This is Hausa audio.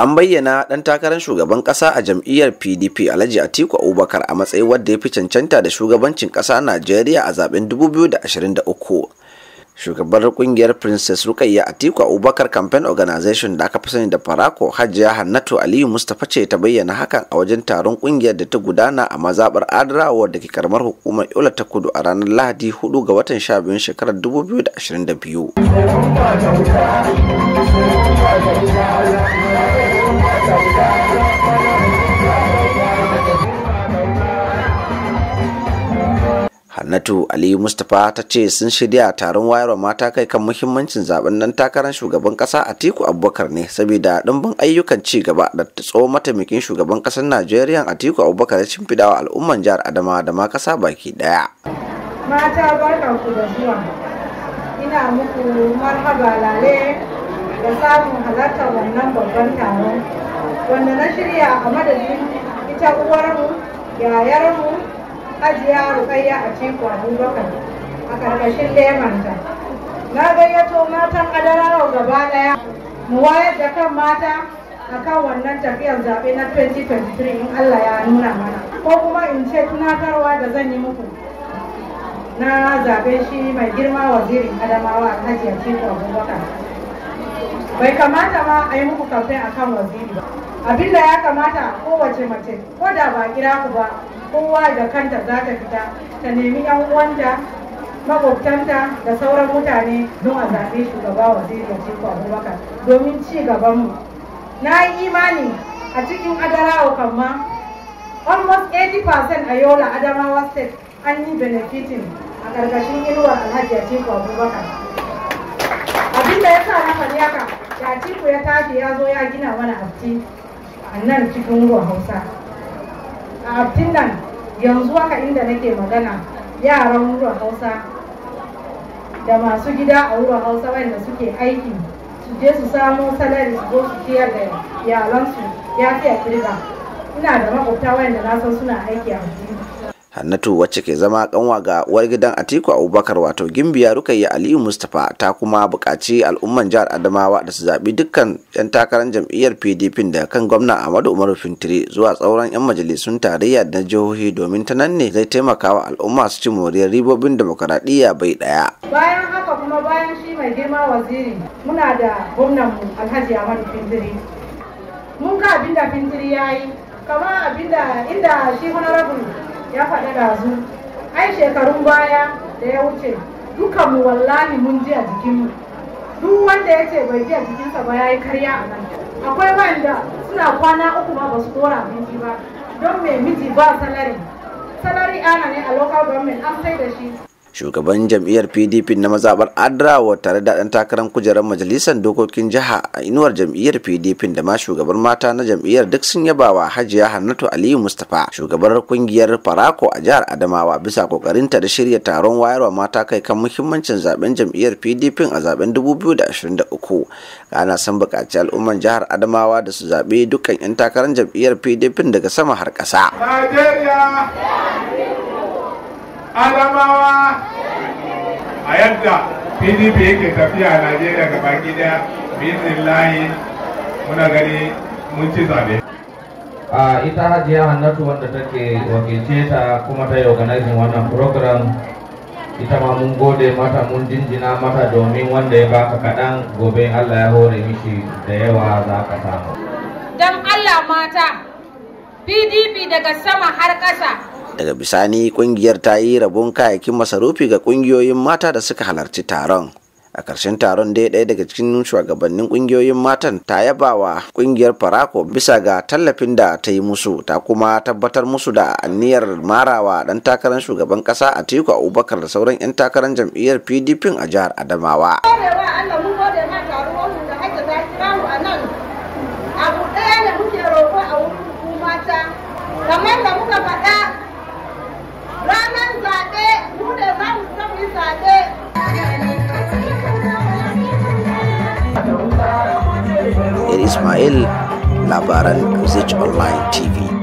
an bayyana ɗan takarar shugaban ƙasa a jam'iyyar pdp alhaji atiku abubakar a matsayin wadda ya fi cancanta da shugabancin ƙasa najeriya a zaben 2023 shugabar kungiyar princess rukayya atiku abubakar campaign organization da aka fi sani da farako hajiya hannatu aliyu mustapha ce ta bayyana hakan a wajen taron ƙungiyar da ta gudana a mazabar adrawa da ke karamar hukumar yola ta kudu a ranar lahadi 4 ga watan 12 shekarar 2022 Hannatu Ali Mustapha ta ce sun shirya taron wayarwa mata kai kan muhimmancin zaben nan takarar shugaban kasa Atiku Abubakar ne saboda ɗumbin ayyukan ci gaba da tsohon mataimakin shugaban kasar Najeriya Atiku Abubakar ya shimfiɗa wa al'umman jihar Adama da ma kasa baki ɗaya. Mata barkanku da zuwa. Ina muku marhaba lale da samun halartar wannan babban taron wanda na shirya a madadin ita uwarmu yayarmu hajiya rukayya a ciko abubakar a ƙarƙashin lemanta na gayyato matan adararau gaba ɗaya mu wayar da kan mata a kan wannan tafiyar zaɓe na 2023 in allah ya nuna mana ko kuma in ce tunatarwa da zan yi muku na zaɓe shi mai girma wazirin adamawa alhaji a ciko abubakar bai kamata ma a yi muku a kan waziri ba abinda ya kamata kowace mace ko da ba kira ku ba kowa da kanta za ta fita ta nemi yan uwanta makwabtanta da sauran mutane don a zaɓe shugaba waziri da ciko abubakar domin ci gabanmu na yi imani a cikin adarawa kamma almost 80% a yola adamawa state an yi benefitin a ƙarƙashin inuwar alhaji a ciko abubakar abinda ya sa na faɗi shi ya zo ya gina mana abti a nan cikin ruwan hausa a abtin nan yanzu haka inda nake magana yaran ruwan hausa da masu gida a ruwan hausa wanda suke aiki su je su samo salari su su ciyar da yalansu ya fiye kirga ina da makwabta wanda na san suna aiki a abtin hannatu wacce ke zama kanwa ga uwar gidan atiku abubakar wato gimbiya rukayya aliyu mustapha ta kuma buƙaci al'umman jihar adamawa da su zaɓi dukkan 'yan takarar jam'iyyar pdp da kan gwamna amadu umaru fintiri zuwa tsauran 'yan majalisun tarayya da jihohi domin ta nan ne zai taimaka wa al'umma su ci moriyar ribobin demokaradiyya bai ɗaya. bayan haka kuma bayan shi mai girma waziri muna da gwamnanmu alhaji amadu fintiri mun ga abin da fintiri ya yi kamar abin da inda shi honorable ya faɗi ɗazu ai shekarun baya da ya wuce dukanmu wallahi mun ji a jikinmu duk wanda ya ce bai ji a jikinsa ba ya yi karya a nan akwai wanda suna kwana uku ma ba su dora abinci ba don mai miji ba salari salari ana ne a local government an sai da shi shugaban jam'iyyar pdp na mazaɓar adrawa tare da ɗan takarar kujerar majalisar dokokin jiha a inuwar jam'iyyar pdp da ma shugabar mata na jam'iyyar duk sun yabawa hajiya hannatu aliyu mustapha shugabar kungiyar farako a jihar adamawa bisa kokarinta da shirya taron wayarwa mata kai kan muhimmancin zaben jam'iyyar pdp a zaben 2023 ana san buƙaci al'umman jihar adamawa da su zaɓe dukkan 'yan takarar jam'iyyar pdp daga sama har ƙasa. adamawa a yadda pdp yake tafiya a najeriya baki daya bizin layi muna gani mun ci zabe a ita hajiya hannatu wanda take wakilce ta kuma ta yi organizing wannan program ita ma mun gode mata mun jinjina mata domin wanda ya baka kaɗan gobe Allah ya hore mishi da yawa za ka samu. Don Allah mata, PDP daga sama har ƙasa daga bisani kungiyar ta yi rabon kayayyakin masarufi ga kungiyoyin mata da suka halarci taron a ƙarshen taron dai ɗaya daga cikin shugabannin ƙungiyoyin matan ta yaba wa ƙungiyar farako bisa ga tallafin da ta yi musu ta kuma tabbatar musu da anniyar marawa ɗan takarar shugaban ƙasa a tiku abubakar da sauran 'yan takarar jam'iyyar pdp a jihar adamawa Ismail labaran Zech Online TV.